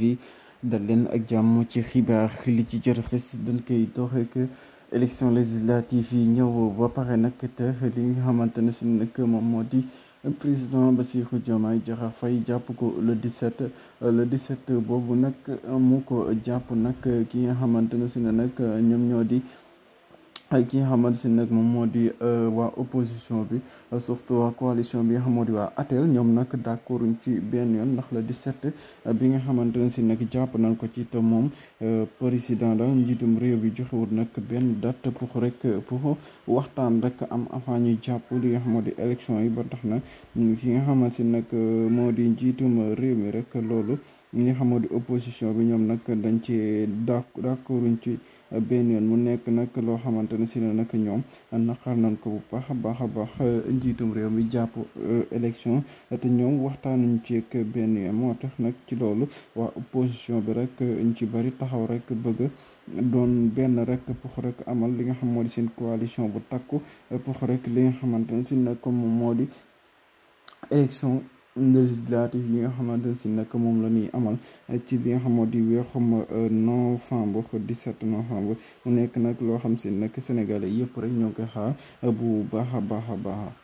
vi dal leen ak jàmm ci xibaar li ci jot fes dañ koy doxeek élection législative yi ñëw ba pare nag te li nga xamante ne si moom moo di ba Bassirou Diomaye Diakhar fay jàpp ko le set le 17 boobu nag mu ko jàpp nag ki nga xamante ne si nag ñoom ñoo di ak ki nga xamante si nag moom moo di euh, waa opposition bi surtout waa coalition bi nga xam moo di waa ATEL ñoom nag d'accorduñ ci benn yoon ndax la set euh, bi nga xamante ne si nag jàpp nañ ko ci te moom euh, président la njiitum réew bi joxewul nag benn date pour rek pour waxtaan rek am avant ñu jàpp li nga xam moo di élection yi ba tax na ki nga xamante si nag moo di njiitum réew mi rek loolu ñi nga xam di opposition bi ñoom nag dañ ci d'accorduñ ci benn yoon mu nekk nag loo xamante ne si ne nag ñoom naqar nañ ko bu baax a baax a baax eh, njiitum réew mi jàpp eh, élection eh, te ñoom waxtaanuñ ci ak benn yoon moo tax nag ci loolu waa opposition bi rek ñu ci bari taxaw rek bëgg doon benn rek pour rek amal li nga xam moo di seen coalition bu takku pour rek li nga xamante ne si nag moom moo di élection législative yi nga xamante si nag moom la ñuy amal ci li nga xam moo di weexum euh, novembre 17 novembre mu nekk nag loo xam si nag sénégalais yëpp rek ñoo koy xaar euh, bu baax a baax a baax